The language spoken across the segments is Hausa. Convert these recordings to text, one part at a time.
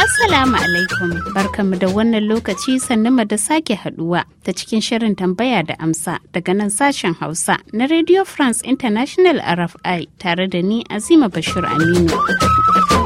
Assalamu alaikum mu da wannan lokaci sannu da sake haduwa ta cikin shirin tambaya da amsa daga nan sashen Hausa na Radio France International RFI tare da ni Azima Bashir Aminu.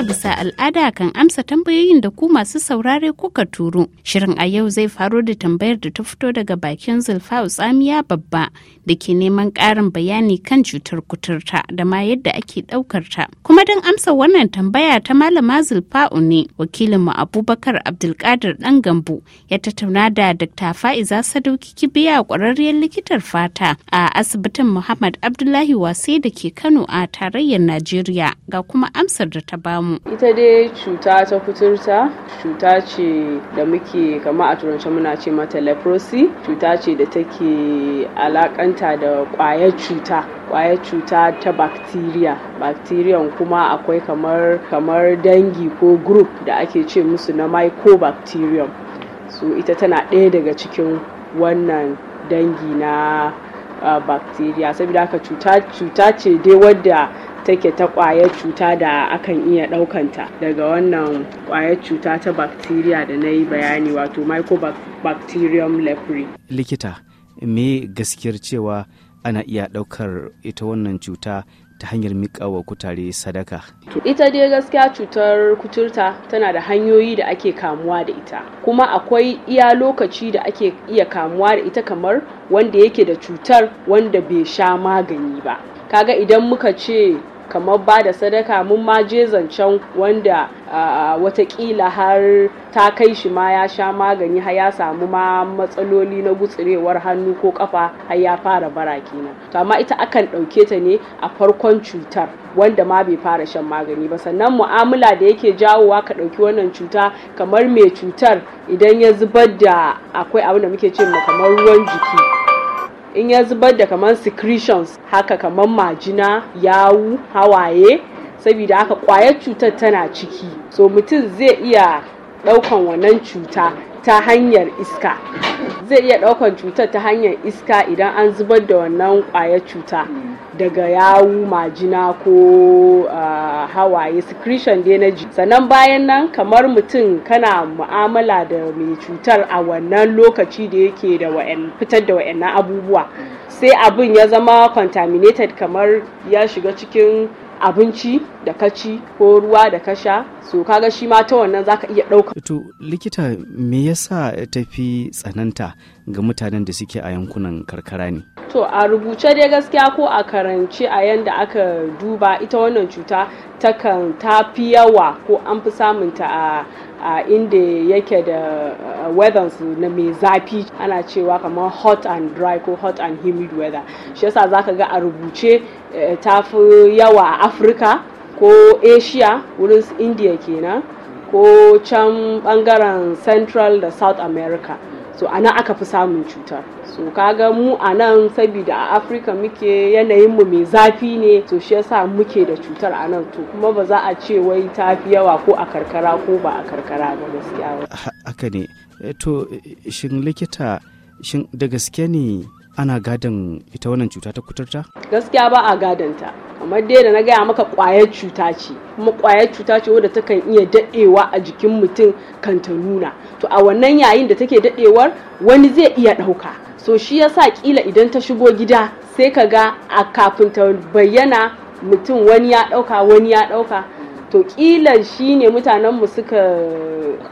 bisa al'ada kan amsa tambayoyin da ku masu saurare kuka turo. Shirin a yau zai faro da tambayar da ta fito daga bakin Zulfa Tsamiya babba da ke neman ƙarin bayani kan cutar kuturta da ma yadda ake ɗaukar ta. Kuma don amsa wannan tambaya ta malama zulfa ne wakilin mu Abubakar Abdulkadir ɗan Gambo ya tattauna da Dr. Fa'iza Sadauki Kibiya ƙwararriyar likitar fata a asibitin Muhammad Abdullahi Wase da ke Kano a tarayyar Najeriya ga kuma amsar da ta bamu. Ita dai cuta ta kuturta cuta ce da muke kama a turance muna ce mata leprosy cuta ce da take alakanta da kwayar cuta kwayar cuta ta bacteria bacterium kuma akwai kamar kamar dangi ko group da ake ce musu na mycobacterium so ita tana ɗaya daga cikin wannan dangi na uh, bacteria saboda haka cuta ce dai wadda take ta kwayar cuta da akan iya ɗaukanta daga wannan kwayar cuta ta bacteria da na yi bayani wato mycobacterium leprae. likita me gaskiyar cewa ana iya ɗaukar ita wannan cuta ta hanyar miƙawa kutare sadaka. Ita dai gaskiya cutar kuturta tana da hanyoyi da ake kamuwa da ita, kuma akwai iya lokaci da ake iya kamuwa da ita kamar wanda yake da cutar wanda bai sha magani ba. kaga idan muka ce kamar ba da sadaka mun ma je zancen wanda watakila har ta kai shi ma ya sha magani har ya samu ma matsaloli na gutsurewar hannu ko kafa har ya fara bara kenan to amma ita akan ɗauke ta ne a farkon cutar wanda ma bai fara shan magani ba sannan mu'amala da yake jawowa ka ɗauki wannan cuta kamar mai cutar idan ya zubar da akwai abin da muke ce ma kamar ruwan jiki in ya zubar da kamar secretions haka kamar majina yawu hawaye saboda haka kwayar cutar tana ciki so mutum zai iya ɗaukan wannan cuta ta hanyar iska zai iya ɗaukan cutar ta hanyar iska idan an zubar da wannan ƙwayar cuta daga yawu majina ko uh, hawaye secretion dai na ji sannan bayan nan kamar mutum kana mu'amala da mai cutar a wannan lokaci da yake da fitar da wa'annan abubuwa sai abin ya zama contaminated kamar ya shiga cikin abinci da kaci ko ruwa da kasha sha so kaga shi ma ta wannan zaka iya ɗauka. to likita me yasa tafi tsananta ga mutanen da suke a yankunan karkara ne to a rubuce dai gaskiya ko a karance a yanda aka duba ita wannan cuta takan ta fi yawa ko an fi ta a a inda yake da weather na mai zafi ana cewa kamar hot and dry ko hot and humid weather shi yasa zaka ga a rubuce Eh, ta fi yawa a afirka ko asia wurin india kenan ko can bangaren central da south america so a nan aka fi samun cutar so kaga mu a nan saboda a afirka muke yanayin mu mai zafi ne to shi yasa muke da cutar a nan to kuma ba za a ce wai ta fi yawa ko a karkara ko ba a karkara ba gaskiya ba haka ne eh, to shin likita shin da gaske ne ana gadon ita wannan cuta ta kuturta? Gaskiya ba a gadonta. kamar dai da na gaya maka kwayar cuta ce kuma kwayar cuta ce wadda takan iya daɗewa a jikin mutum kan ta nuna to a wannan yayin da take daɗewar wani zai iya ɗauka so shi yasa kila idan ta shigo gida sai ka ga a kafin ta bayyana mutum wani ya ɗauka wani ya ɗauka to kila shi ne mutanenmu suka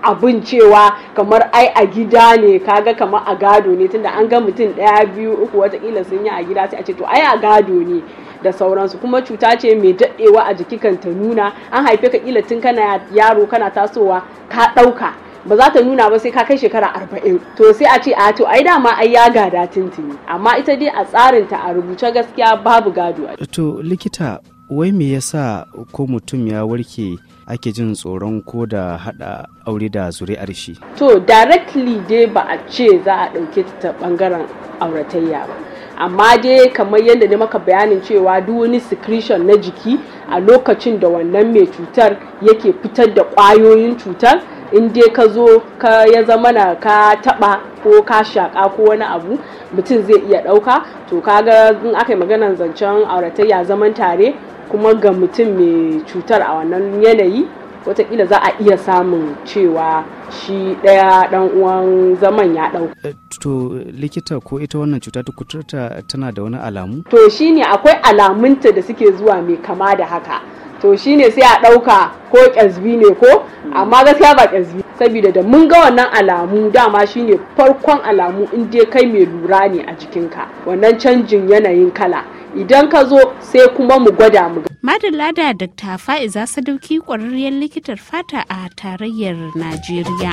abin cewa kamar ai a gida ne kaga kamar a gado ne tunda an ga mutum ɗaya biyu uku wata watakila sun yi a gida sai a ce to ai a gado ne da sauransu kuma cuta ce mai daɗewa a jiki kan ta nuna an haife ka kila tun kana yaro kana tasowa ka ɗauka ba za ta nuna ba sai ka kai shekara arba'in to sai a ce a to ai dama ai ya gada tuntuni amma ita dai a tsarin ta a rubuce gaskiya babu gado to likita wai me yasa ko mutum ya warke ake jin tsoron ko da hada aure da zuri'ar shi to directly dai ba a ce za a ɗauke ta bangaren auratayya ba amma dai kamar yadda na maka bayanin cewa duk wani secretion na jiki a lokacin da wannan mai cutar yake fitar da ƙwayoyin cutar in dai ka zo ka ya zama na ka taba ko ka shaka ko wani abu mutum zai iya ɗauka to kaga in aka yi maganar zancen auratayya zaman tare kuma ga mutum mai cutar a wannan yanayi watakila za a iya samun cewa shi ɗaya ɗan uwan zaman ya ɗau. Eh, to likita ko ita wannan cuta ta kuturta tana da wani alamu? To shine akwai alamunta da suke zuwa mai kama da haka. To shine sai a ɗauka ko ƙyazbi ne ko amma gaskiya ba ƙyazbi saboda da mun ga wannan alamu dama shine farkon alamu in dai kai mai lura ne a jikinka wannan canjin yanayin kala idan ka zo sai kuma mu gwada mu madalla da dr fa'iza sadauki kwararriyar likitar fata a tarayyar najeriya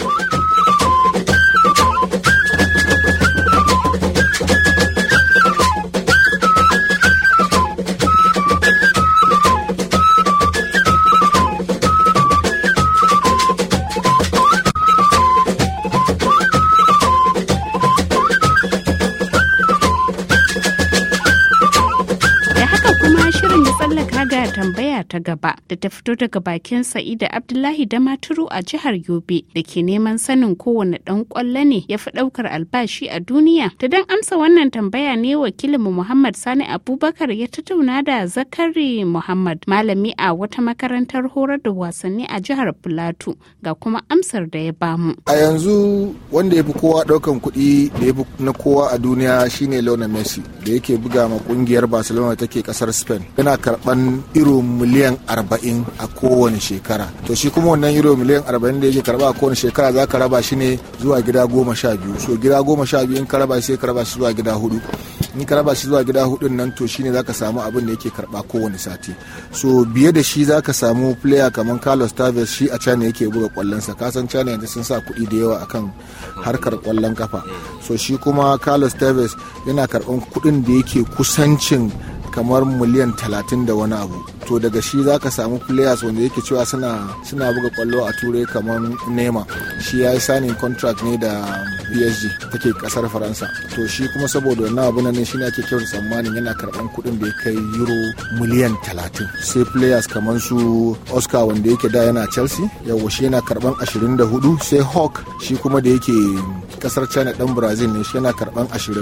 ปะ da ta fito daga bakin Sa'ida Abdullahi damaturu a jihar Yobe da ke neman sanin kowane dan ƙwallo ne ya fi daukar albashi a duniya. Ta dan amsa wannan tambaya ne wakilinmu Muhammad Sani Abubakar ya tattauna da Zakari Muhammad malami a wata makarantar horar da wasanni a jihar plateau ga kuma amsar da ya bamu. A yanzu wanda ya fi kowa daukan kuɗi da ya fi na kowa a duniya shine launa Messi da yake buga ma kungiyar Barcelona take kasar Spain. Yana karɓan irin miliyan arba'in. arba'in a kowane shekara to shi kuma wannan euro miliyan arba'in da yake karba a kowane shekara za ka raba shi ne zuwa gida goma sha biyu so gida goma sha biyu in ka raba sai ka raba shi zuwa gida hudu in ka raba shi zuwa gida hudun nan to shine zaka samu abin da yake karba kowane sati so biye da shi zaka samu player kamar Carlos Tevez shi a China yake buga kwallon sa ka san China yanzu sun sa kuɗi da yawa akan harkar kwallon kafa so shi kuma Carlos Tevez yana karban kuɗin da yake kusancin kamar miliyan talatin da wani abu to daga shi za ka samu players wanda yake cewa suna buga kwallo a turai kamar nema shi ya yi sanin contract ne da psg take kasar faransa to shi kuma saboda wani abu na nan shi ne ake kyau tsammanin yana karban kuɗin da ya kai euro miliyan talatin sai players kamar su oscar wanda yake da yana chelsea yawa shi yana karban ashirin da hudu sai hawk shi kuma da yake kasar china dan brazil ne shi yana karban 20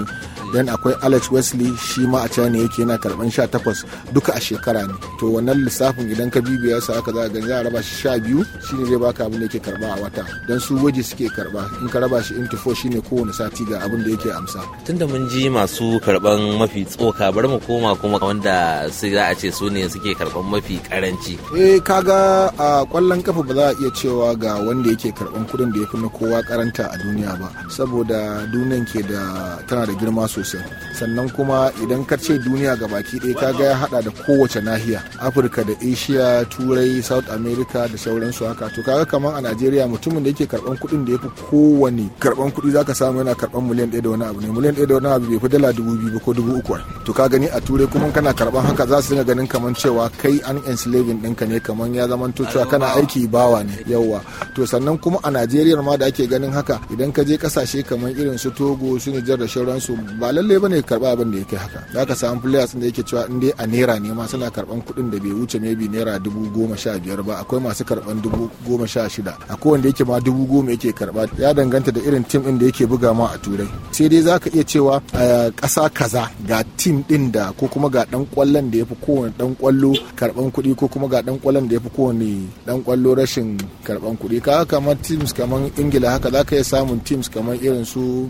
dan akwai alex wesley shi ma a china yake yana karban 18 duka a shekara ne to wannan lissafin idan ka bibiya sa aka za ga za a raba shi 12 shine zai baka abin da yake karba a wata dan su waje suke karba in ka raba shi into four shine kowane sati ga abin da yake amsa tunda mun ji masu karban mafi tsoka bari mu koma kuma wanda sai za a ce su ne suke karban mafi karanci eh kaga a kwallon kafa ba za a iya cewa ga wanda yake karban kudin da ya fi na kowa karanta a duniya ba saboda duniyan ke da tana da girma sosai sannan kuma idan ka ce duniya ga baki ɗaya ka ga ya hada da kowace nahiya afirka da asia turai south america da sauransu haka to kaga kamar a najeriya mutumin da yake karban kuɗin da ya fi kowane karban kuɗi zaka samu yana karban miliyan ɗaya da wani abu ne miliyan ɗaya da wani abu bai fi dala dubu biyu ko dubu uku to ka gani a turai kuma kana karban haka za su dinga ganin kamar cewa kai an enslaving ɗinka ne kamar ya zama cewa kana aiki bawa ne yauwa to sannan kuma a najeriya ma da ake ganin haka idan ka je ƙasa kasashe kamar irin su togo su nijar da su ba lallai bane karba abin da yake haka za ka samu players da yake cewa in dai a naira ne ma suna karban kuɗin da bai wuce maybe naira dubu goma sha biyar ba akwai masu karban dubu goma sha shida akwai wanda yake ma dubu goma yake karba ya danganta da irin tim din da yake buga ma a turai sai dai za ka iya cewa a ƙasa kaza ga tim ɗin da ko kuma ga ɗan ƙwallon da ya fi kowane dan ƙwallo karban kuɗi ko kuma ga ɗan ƙwallon da ya fi kowane dan ƙwallo rashin karban kuɗi ka kamar teams kamar ingila haka za ka iya samun teams kamar kamar irin su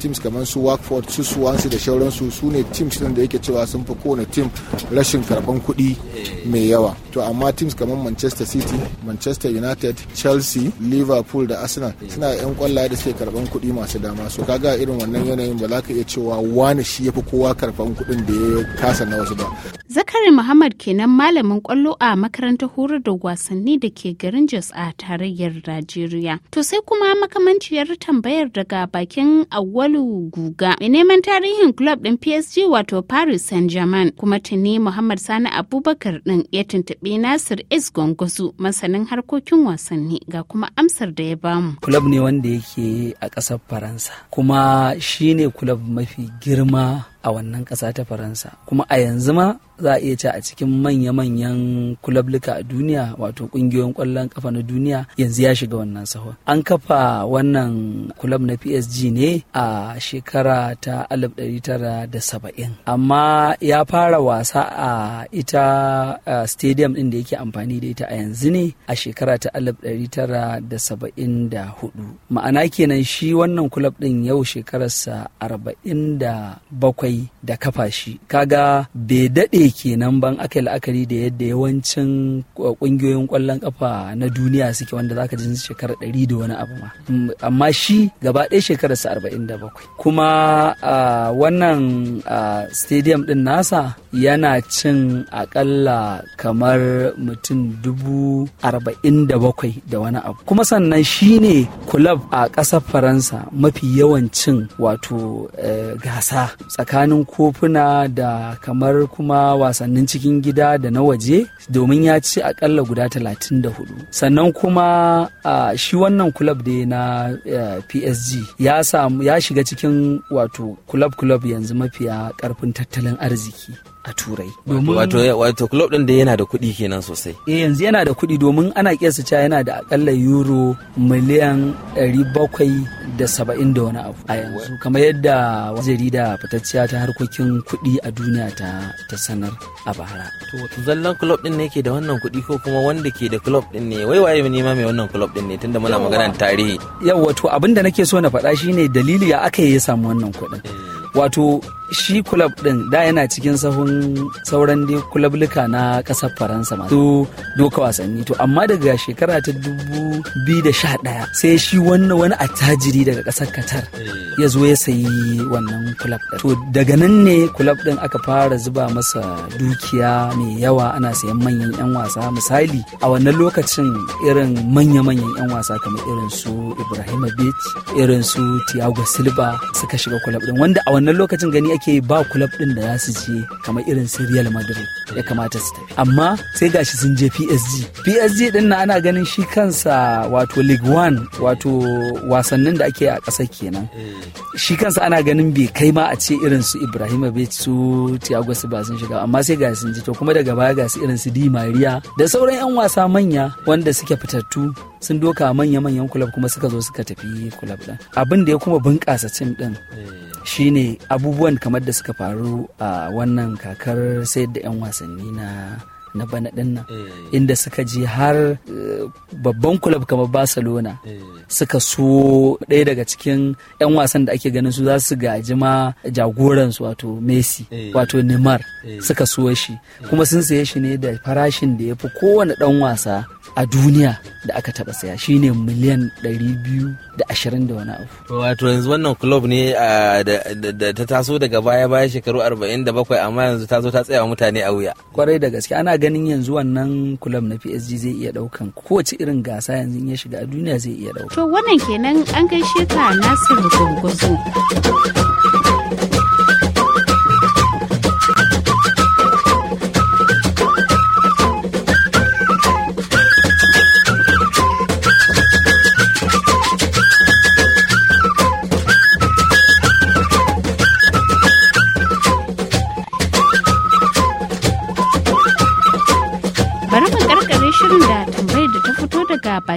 teams kamar su Watford su Swansea da shauransu su ne teams da yake cewa sun fi kowane team rashin karban kuɗi mai yawa to amma teams kamar manchester city manchester united chelsea liverpool da arsenal suna yan kwallaye da suke karban kuɗi masu dama so kaga irin wannan yanayin ba za ka iya cewa wani shi ya kowa karban kuɗin da ya kasa na wasu ba zakari muhammad kenan malamin kwallo a makarantar horar da wasanni da ke garin jos a tarayyar najeriya to sai kuma makamanciyar tambayar daga bakin awalu guga mai neman tarihin club din psg wato paris saint germain kuma tuni muhammad sani abubakar din ya tuntuɓi tuntuɓi Nasir S. Gwangwazu masanin harkokin wasanni ga kuma amsar da ya bamu. Kulab ne wanda yake a ƙasar Faransa kuma shi ne kulab mafi girma a wannan ƙasa ta faransa kuma a yanzu ma za a iya ce a cikin manya-manyan kulablika a duniya wato ƙungiyoyin ƙwallon ƙafa na duniya yanzu ya shiga wannan sahon an kafa wannan kulab na psg ne a shekara ta 1970 amma ya fara wasa a ita a stadium ɗin da yake amfani da ita a yanzu ne a shekara ta 1974 ma'ana kenan shi wannan kulab ɗin yau shekararsa 47 da kafa shi kaga bai daɗe kenan ban aka yi la'akari da yadda yawancin uh, ƙungiyoyin ƙwallon kafa na duniya suke wanda zaka ji shekara ɗari da wani abu ma mm, amma shi gaba ɗaya shekararsa arba'in da bakwai kuma uh, wannan uh, stadium ɗin nasa yana cin aƙalla kamar mutum dubu arba'in da bakwai da wani abu kuma sannan shi ne kulab a ƙasar faransa mafi yawan cin wato gasa tsakanin tsakanin kofuna da kamar kuma wasannin cikin gida da na waje domin ya ci akalla guda 34 sannan kuma shi wannan kulab da na psg ya ya shiga cikin wato kulab-kulab yanzu mafiya karfin tattalin arziki a turai wato wato club din da yana da kuɗi kenan sosai eh yanzu yana da kuɗi domin ana kiyasa cewa yana da akalla euro miliyan bakwai da saba'in da wani abu a yanzu kamar yadda wani jarida fitacciya ta harkokin kuɗi a duniya ta ta sanar a bara to zallan club din ne yake da wannan kuɗi ko kuma wanda ke da club din ne wai waye ne ma mai wannan club din ne tunda muna maganar tarihi Yau to abinda da nake so na faɗa shine dalili ya aka yi ya samu wannan kuɗin eh. wato shi kulab din da yana cikin sahun sauran kulabluka na kasar faransa masu doka wasanni to amma daga shekara ta 2011 biyu da ɗaya sai shi wannan wani attajiri daga kasar qatar ya zo ya sayi wannan kulab din to daga nan ne kulab din aka fara zuba masa dukiya mai yawa ana sayan manyan yan wasa misali a wannan lokacin irin manya-manyan yan wasa kamar irin su beach irin su tiago silva suka shiga kulab din wanda a wannan lokacin gani ake ba kulab din da za su je kamar irin su Real Madrid ya kamata su tafi amma sai gashi sun je PSG PSG din na ana ganin shi kansa wato League One wato wasannin da ake a ƙasa kenan eh. shi kansa ana ganin bai kai ma a ce irin su Ibrahimovic su Thiago Silva sun shiga amma sai gashi sun je to kuma daga baya gashi irin su Di Maria da sauran 'yan wasa manya wanda suke fitattu sun doka manya-manyan kulab kuma suka zo suka tafi kulab din abin da ya kuma bunƙasa cin din eh. shine abubuwan kamar da suka faru a wannan kakar sayar da 'yan wasanni na na bana din nan eh. inda suka je har eh, babban kulab kamar barcelona eh. suka so ɗaya daga cikin 'yan wasan da ake ganin su za su gaji ma jagoransu wato messi wato neymar suka so shi kuma sun saye shi ne da farashin da ya fi kowane ɗan wasa a duniya da aka taba saya shine miliyan 220 da wani abu. Wato yanzu wannan club ne da ta taso daga baya baya shekaru 47 amma yanzu ta zo ta tsaya mutane a wuya. Kwarai da gaske ana ganin yanzu wannan club na PSG zai iya daukan kowace irin gasa yanzu ya shiga a duniya zai iya ɗauka. To wannan kenan an gaishe ka Nasiru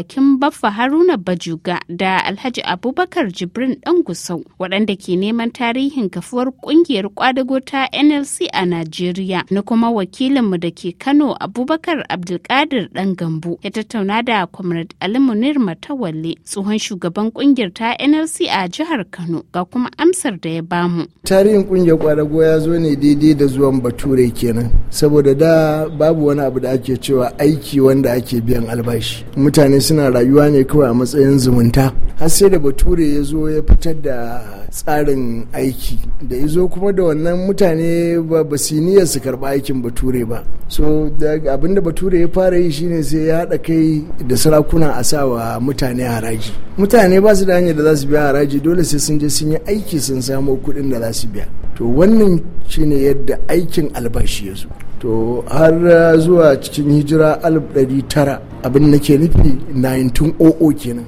hakim Baffa Haruna Bajuga da Alhaji Abubakar Jibrin ɗan Gusau waɗanda ke neman tarihin kafuwar ƙungiyar ƙwadago ta NLC a Najeriya na kuma wakilinmu da ke Kano Abubakar Abdulkadir ɗan Gambo ya tattauna da Comrade Ali Munir Matawalle tsohon shugaban ƙungiyar ta NLC a jihar Kano ga kuma amsar da ya bamu. Tarihin ƙungiyar kwadago ya zo ne daidai da zuwan Bature kenan saboda da babu wani abu da ake cewa aiki wanda ake biyan albashi mutane suna rayuwa rayuwa ne kawai a matsayin zumunta har sai da bature ya zo ya fitar da tsarin aiki da ya zo kuma da wannan mutane ba ba su su karba aikin bature ba so abin da bature ya fara yi shine sai ya haɗa kai da sarakuna a sa wa mutane haraji mutane ba su da hanyar da za su biya haraji dole sai sun je sun yi aiki sun samo kuɗin da za su biya to wannan shine yadda aikin albashi ya zo to har zuwa cikin hijira 1900 abin nake nufi 1900 kenan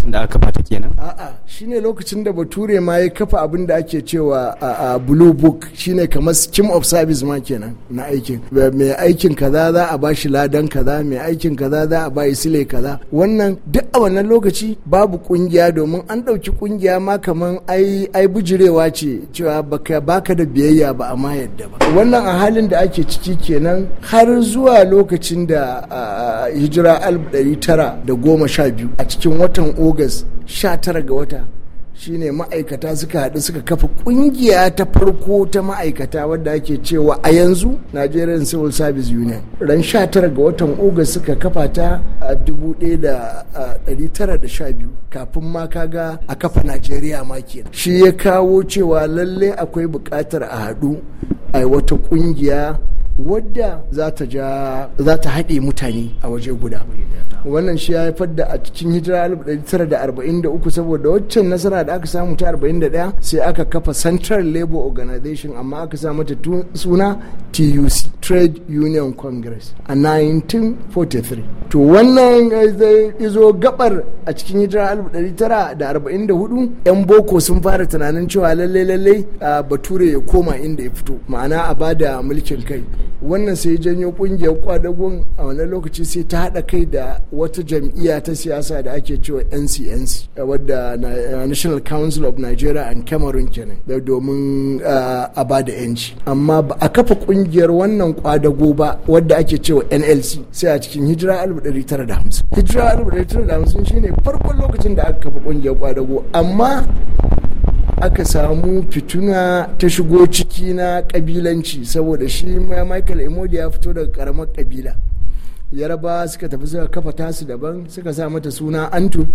lokacin da aka fata kenan a'a shine lokacin da bature ma ya kafa abin da ake cewa a blue book shine kamar scheme of service ma kenan na aikin mai aikin kaza za a bashi ladan kaza mai aikin kaza za a bashi sile kaza wannan duk a wannan lokaci babu kungiya domin an ɗauki kungiya ma kamar ai ai bujurewa ce cewa baka baka da biyayya ba a ma yadda ba wannan a halin da ake ciki kenan har zuwa lokacin da hijira biyu a cikin watan august 19 ga wata shine ma'aikata suka haɗu suka kafa ƙungiya ta farko ta ma'aikata wadda ake cewa a yanzu nigerian civil service union ran 19 ga watan ogas suka kafa ta a 1912 kafin ma kaga a kafa nigeria ma kenan shi ya kawo cewa lalle akwai buƙatar a haɗu a wata ƙungiya wadda za ta haɗe mutane a waje guda wannan shi ya haifar da a cikin hijira 1943 saboda waccan nasara da aka samu ta 41 sai aka kafa central labor organization amma aka sa mata suna tuc trade union congress a 1943 to wannan izo gabar a cikin hijira 1944 'yan boko sun fara tunanin cewa lallai lallai bature ya koma inda ya fito ma'ana a bada mulkin kai wannan sai janyo kungiyar kwadagon a wani lokaci sai ta haɗa kai da wata jam'iyya ta siyasa da ake cewa ncnc eh, wadda eh, national council of nigeria and cameroon kenan domin eh, a ba da yanci amma ba a kafa kungiyar wannan kwadago ba wadda ake cewa nlc sai a cikin hijira 1950 hijira 1950 shine farkon lokacin da aka kafa kungiyar kwadago amma aka samu fituna ta shigo ciki na kabilanci saboda shi michael imodi ya fito daga karamar kabila yaraba suka tafi suka kafa tasu daban suka sa mata suna antu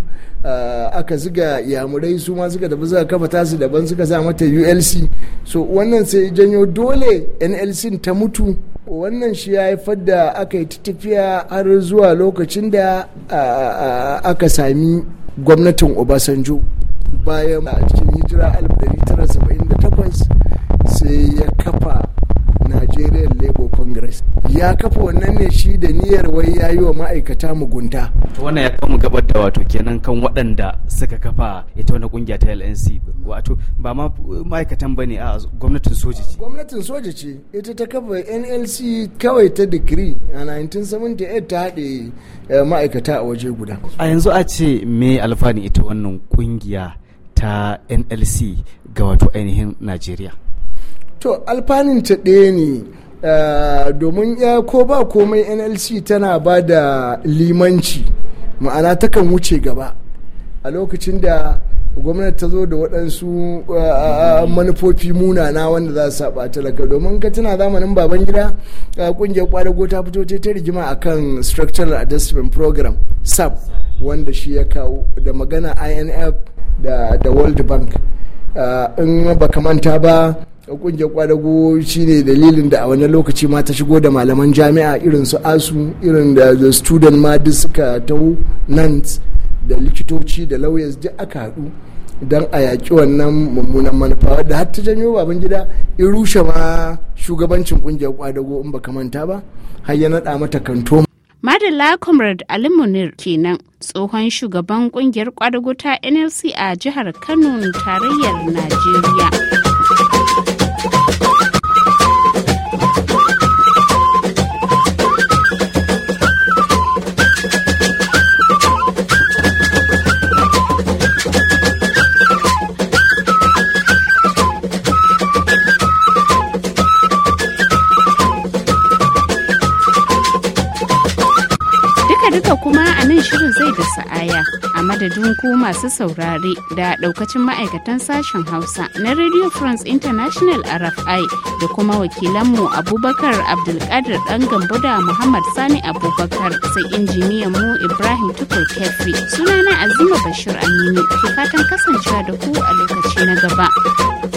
ah, aka ziga yamurai su ma suka tafi suka kafa tasu daban suka sa mata ulc so wannan sai janyo dole nlc ta mutu wannan shi ya haifar da aka yi tafiya har zuwa lokacin da ah, ah, aka sami gwamnatin obasanjo bayan a cikin hijira 1978 sai ya kafa congress ya kafa wannan ne shi da niyyar wai ya yi wa ma'aikata mugunta to wannan ya kawo mu gabar da wato kenan kan waɗanda suka kafa ita wani kungiya ta LNC wato ba ma ma'aikatan ba ne a gwamnatin soja ce gwamnatin soja ce ita ta kafa NLC kawai ta digiri a 1978 ta haɗe eh, ma'aikata a waje guda a yanzu a ce me alfani ita wannan kungiya ta NLC ga wato ainihin Najeriya to alfanin ta ɗaya ne Eh, domin ya eh, ko ba komai nlc tana ba da limanci ma'ana takan wuce gaba a lokacin da gwamnati ta zo da waɗansu eh, manufofi munana wanda za su saba talaka domin ka tana zamanin baban gida kungiyar kwadago ta fito ce ta rigima akan structural adjustment program sap wanda shi ya kawo da magana inf da world bank in baka manta ba kungiyar kwadago shine dalilin da a wannan lokaci ma ta shigo da malaman jami'a irin su asu irin da the student ma duk suka taho nants da likitoci da lawyers duk aka haɗu don a yaƙi wannan mummunan manufa da har janyo baban gida in rushe ma shugabancin kungiyar kwadago in baka manta ba har ya naɗa mata kanto Madalla Comrade Ali Munir kenan tsohon shugaban kungiyar kwadago ta NLC a jihar Kano tarayyar Najeriya. madadin ku masu saurare da daukacin ma'aikatan sashen hausa na radio france international rfi da kuma wakilanmu abubakar abdulkadir dan gambo muhammad sani abubakar sai injiniyan mu ibrahim tukur kefi sunana azima bashir aminu ke fatan kasancewa da ku a lokaci na gaba